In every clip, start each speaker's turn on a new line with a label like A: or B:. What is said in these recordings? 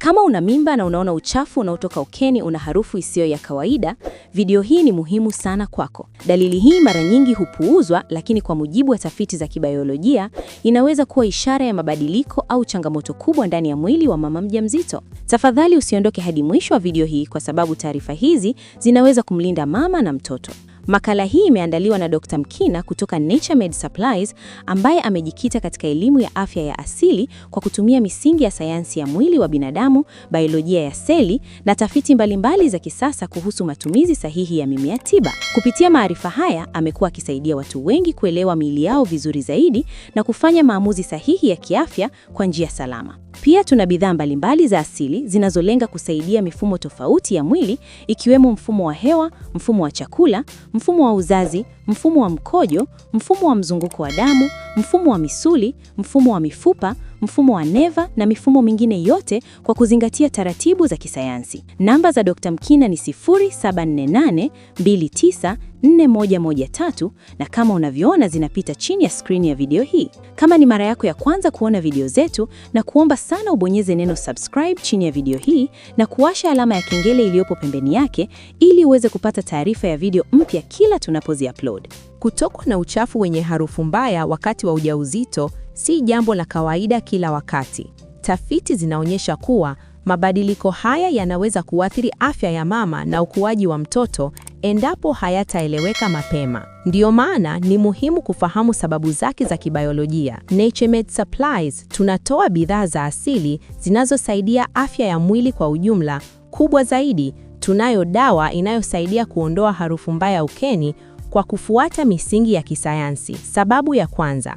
A: Kama una mimba na unaona uchafu unaotoka ukeni una harufu isiyo ya kawaida, video hii ni muhimu sana kwako. Dalili hii mara nyingi hupuuzwa, lakini kwa mujibu wa tafiti za kibayolojia, inaweza kuwa ishara ya mabadiliko au changamoto kubwa ndani ya mwili wa mama mjamzito. Tafadhali usiondoke hadi mwisho wa video hii kwa sababu taarifa hizi zinaweza kumlinda mama na mtoto. Makala hii imeandaliwa na Dr. Mkina kutoka Naturemed Supplies ambaye amejikita katika elimu ya afya ya asili kwa kutumia misingi ya sayansi ya mwili wa binadamu, biolojia ya seli na tafiti mbalimbali za kisasa kuhusu matumizi sahihi ya mimea tiba. Kupitia maarifa haya, amekuwa akisaidia watu wengi kuelewa miili yao vizuri zaidi na kufanya maamuzi sahihi ya kiafya kwa njia salama. Pia tuna bidhaa mbalimbali za asili zinazolenga kusaidia mifumo tofauti ya mwili ikiwemo mfumo wa hewa, mfumo wa chakula, mfumo wa uzazi, mfumo wa mkojo, mfumo wa mzunguko wa damu, mfumo wa misuli, mfumo wa mifupa mfumo wa neva na mifumo mingine yote kwa kuzingatia taratibu za kisayansi. Namba za Dr. Mkina ni 0748294113 na kama unavyoona zinapita chini ya skrini ya video hii. Kama ni mara yako ya kwanza kuona video zetu, na kuomba sana ubonyeze neno subscribe chini ya video hii na kuwasha alama ya kengele iliyopo pembeni yake ili uweze kupata taarifa ya video mpya kila tunapozi upload.
B: Kutokwa na uchafu wenye harufu mbaya wakati wa ujauzito si jambo la kawaida kila wakati. Tafiti zinaonyesha kuwa mabadiliko haya yanaweza kuathiri afya ya mama na ukuaji wa mtoto endapo hayataeleweka mapema. Ndiyo maana ni muhimu kufahamu sababu zake za kibayolojia. Naturemed Supplies tunatoa bidhaa za asili zinazosaidia afya ya mwili kwa ujumla. Kubwa zaidi, tunayo dawa inayosaidia kuondoa harufu mbaya ukeni kwa kufuata misingi ya kisayansi. Sababu ya kwanza,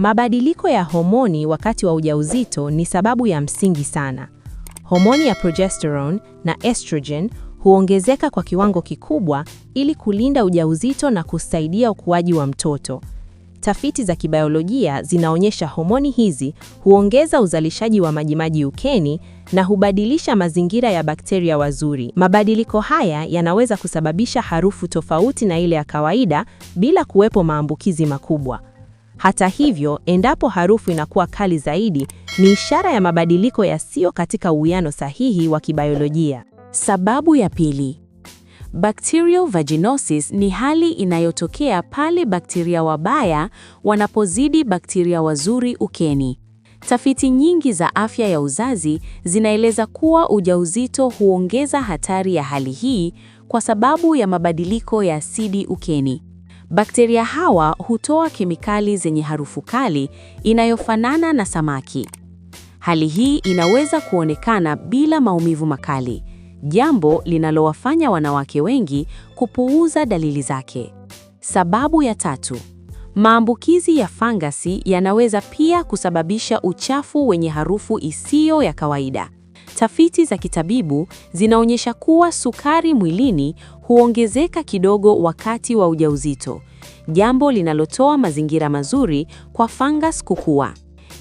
B: Mabadiliko ya homoni wakati wa ujauzito ni sababu ya msingi sana. Homoni ya progesterone na estrogen huongezeka kwa kiwango kikubwa ili kulinda ujauzito na kusaidia ukuaji wa mtoto. Tafiti za kibiolojia zinaonyesha homoni hizi huongeza uzalishaji wa majimaji ukeni na hubadilisha mazingira ya bakteria wazuri. Mabadiliko haya yanaweza kusababisha harufu tofauti na ile ya kawaida bila kuwepo maambukizi makubwa. Hata hivyo, endapo harufu inakuwa kali zaidi, ni ishara ya mabadiliko yasiyo katika uwiano sahihi wa kibayolojia.
C: Sababu ya pili, Bacterial vaginosis ni hali inayotokea pale bakteria wabaya wanapozidi bakteria wazuri ukeni. Tafiti nyingi za afya ya uzazi zinaeleza kuwa ujauzito huongeza hatari ya hali hii kwa sababu ya mabadiliko ya asidi ukeni. Bakteria hawa hutoa kemikali zenye harufu kali inayofanana na samaki. Hali hii inaweza kuonekana bila maumivu makali, jambo linalowafanya wanawake wengi kupuuza dalili zake. Sababu ya tatu, maambukizi ya fangasi yanaweza pia kusababisha uchafu wenye harufu isiyo ya kawaida. Tafiti za kitabibu zinaonyesha kuwa sukari mwilini huongezeka kidogo wakati wa ujauzito, jambo linalotoa mazingira mazuri kwa fungus kukua.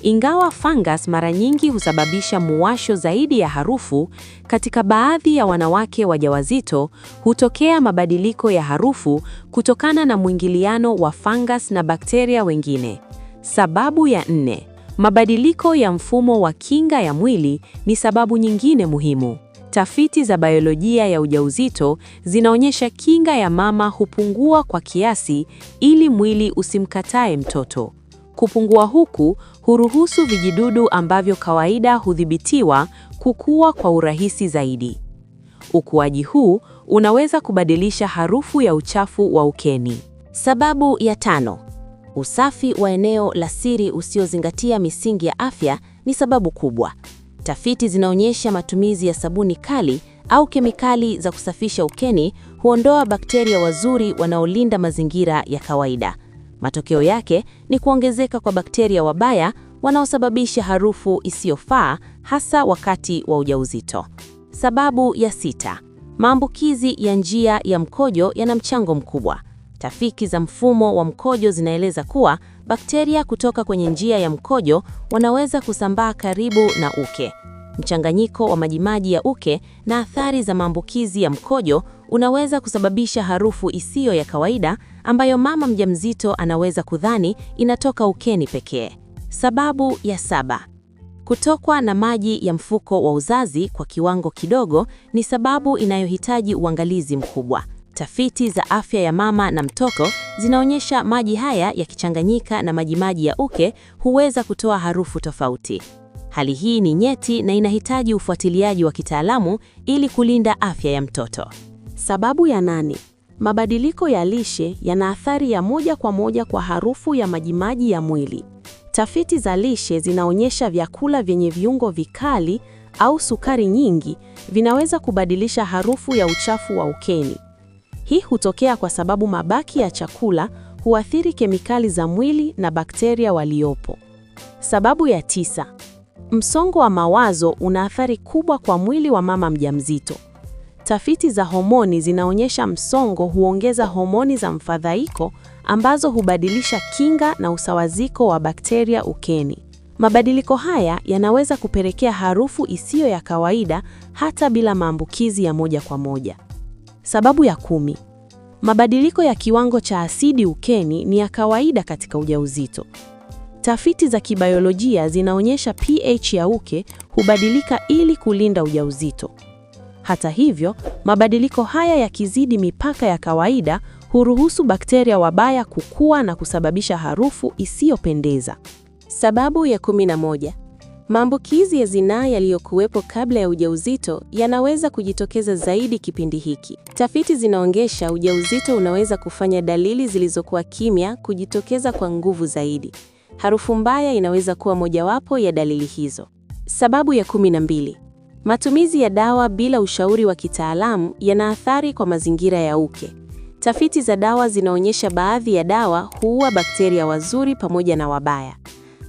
C: Ingawa fungus mara nyingi husababisha muwasho zaidi ya harufu, katika baadhi ya wanawake wajawazito hutokea mabadiliko ya harufu kutokana na mwingiliano wa fungus na bakteria wengine. Sababu ya nne, Mabadiliko ya mfumo wa kinga ya mwili ni sababu nyingine muhimu. Tafiti za biolojia ya ujauzito zinaonyesha kinga ya mama hupungua kwa kiasi ili mwili usimkatae mtoto. Kupungua huku huruhusu vijidudu ambavyo kawaida hudhibitiwa kukua kwa urahisi zaidi. Ukuaji huu unaweza kubadilisha harufu ya uchafu wa ukeni. Sababu ya tano: Usafi wa eneo la siri usiozingatia misingi ya afya ni sababu kubwa. Tafiti zinaonyesha matumizi ya sabuni kali au kemikali za kusafisha ukeni huondoa bakteria wazuri wanaolinda mazingira ya kawaida. Matokeo yake ni kuongezeka kwa bakteria wabaya wanaosababisha harufu isiyofaa hasa wakati wa ujauzito. Sababu ya sita, maambukizi ya njia ya mkojo yana mchango mkubwa. Tafiki za mfumo wa mkojo zinaeleza kuwa bakteria kutoka kwenye njia ya mkojo wanaweza kusambaa karibu na uke. Mchanganyiko wa majimaji ya uke na athari za maambukizi ya mkojo unaweza kusababisha harufu isiyo ya kawaida ambayo mama mjamzito anaweza kudhani inatoka ukeni pekee. Sababu ya saba. Kutokwa na maji ya mfuko wa uzazi kwa kiwango kidogo ni sababu inayohitaji uangalizi mkubwa. Tafiti za afya ya mama na mtoto zinaonyesha maji haya yakichanganyika na majimaji ya uke huweza kutoa harufu tofauti. Hali hii ni nyeti na inahitaji ufuatiliaji wa kitaalamu ili kulinda afya ya mtoto. Sababu ya nane: mabadiliko ya lishe yana athari ya moja kwa moja kwa harufu ya majimaji ya mwili. Tafiti za lishe zinaonyesha vyakula vyenye viungo vikali au sukari nyingi vinaweza kubadilisha harufu ya uchafu wa ukeni. Hii hutokea kwa sababu mabaki ya chakula huathiri kemikali za mwili na bakteria waliopo. Sababu ya tisa, msongo wa mawazo una athari kubwa kwa mwili wa mama mjamzito. Tafiti za homoni zinaonyesha msongo huongeza homoni za mfadhaiko ambazo hubadilisha kinga na usawaziko wa bakteria ukeni. Mabadiliko haya yanaweza kupelekea harufu isiyo ya kawaida hata bila maambukizi ya moja kwa moja. Sababu ya kumi: mabadiliko ya kiwango cha asidi ukeni ni ya kawaida katika ujauzito. Tafiti za kibayolojia zinaonyesha pH ya uke hubadilika ili kulinda ujauzito. Hata hivyo, mabadiliko haya yakizidi mipaka ya kawaida huruhusu bakteria wabaya kukua na kusababisha harufu isiyopendeza. Sababu ya moja: Maambukizi ya zinaa yaliyokuwepo kabla ya ujauzito yanaweza kujitokeza zaidi kipindi hiki. Tafiti zinaonyesha ujauzito unaweza kufanya dalili zilizokuwa kimya kujitokeza kwa nguvu zaidi. Harufu mbaya inaweza kuwa mojawapo ya dalili hizo. Sababu ya kumi na mbili: matumizi ya dawa bila ushauri wa kitaalamu yana athari kwa mazingira ya uke. Tafiti za dawa zinaonyesha baadhi ya dawa huua bakteria wazuri pamoja na wabaya.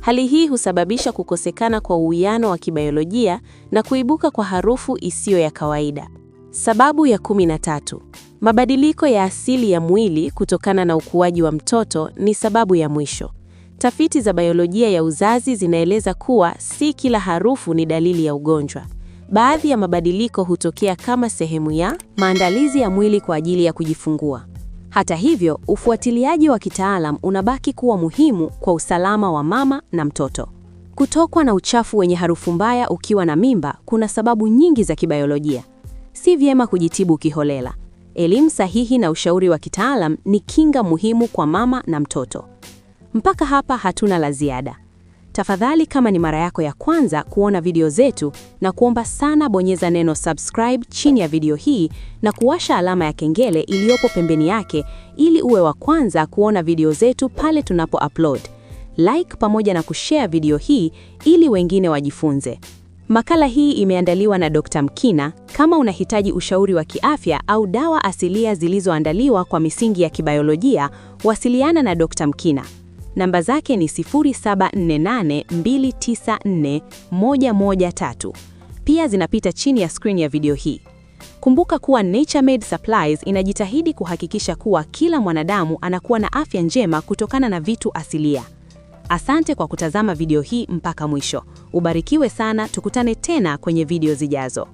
C: Hali hii husababisha kukosekana kwa uwiano wa kibiolojia na kuibuka kwa harufu isiyo ya kawaida. Sababu ya kumi na tatu, mabadiliko ya asili ya mwili kutokana na ukuaji wa mtoto ni sababu ya mwisho. Tafiti za biolojia ya uzazi zinaeleza kuwa si kila harufu ni dalili ya ugonjwa. Baadhi ya mabadiliko hutokea kama sehemu ya maandalizi ya mwili kwa ajili ya kujifungua. Hata hivyo, ufuatiliaji wa kitaalam unabaki kuwa muhimu kwa usalama wa mama na mtoto. Kutokwa na uchafu wenye harufu mbaya ukiwa na mimba kuna sababu nyingi za kibayolojia. Si vyema kujitibu kiholela. Elimu sahihi na ushauri wa kitaalam ni kinga muhimu kwa mama na mtoto. Mpaka hapa hatuna la ziada. Tafadhali, kama ni mara yako ya kwanza kuona video zetu, na kuomba sana bonyeza neno subscribe chini ya video hii na kuwasha alama ya kengele iliyopo pembeni yake ili uwe wa kwanza kuona video zetu pale tunapo upload. Like pamoja na kushare video hii ili wengine wajifunze. Makala hii imeandaliwa na Dr. Mkina. Kama unahitaji ushauri wa kiafya au dawa asilia zilizoandaliwa kwa misingi ya kibayolojia, wasiliana na Dr. Mkina. Namba zake ni 0748294113. Pia zinapita chini ya screen ya video hii. Kumbuka kuwa Naturemed Supplies inajitahidi kuhakikisha kuwa kila mwanadamu anakuwa na afya njema kutokana na vitu asilia. Asante kwa kutazama video hii mpaka mwisho. Ubarikiwe sana, tukutane tena kwenye video zijazo.